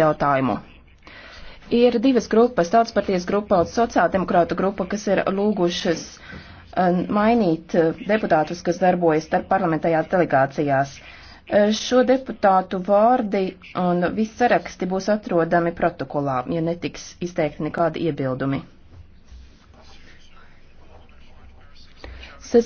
jautājumu. Ir divas grupas, tautas partijas grupa un sociāldemokrāta grupa, kas ir lūgušas eh, mainīt eh, deputātus, kas darbojas starp parlamentējās delegācijās. Eh, šo deputātu vārdi un viss saraksti būs atrodami protokolā, ja netiks izteikti nekādi iebildumi.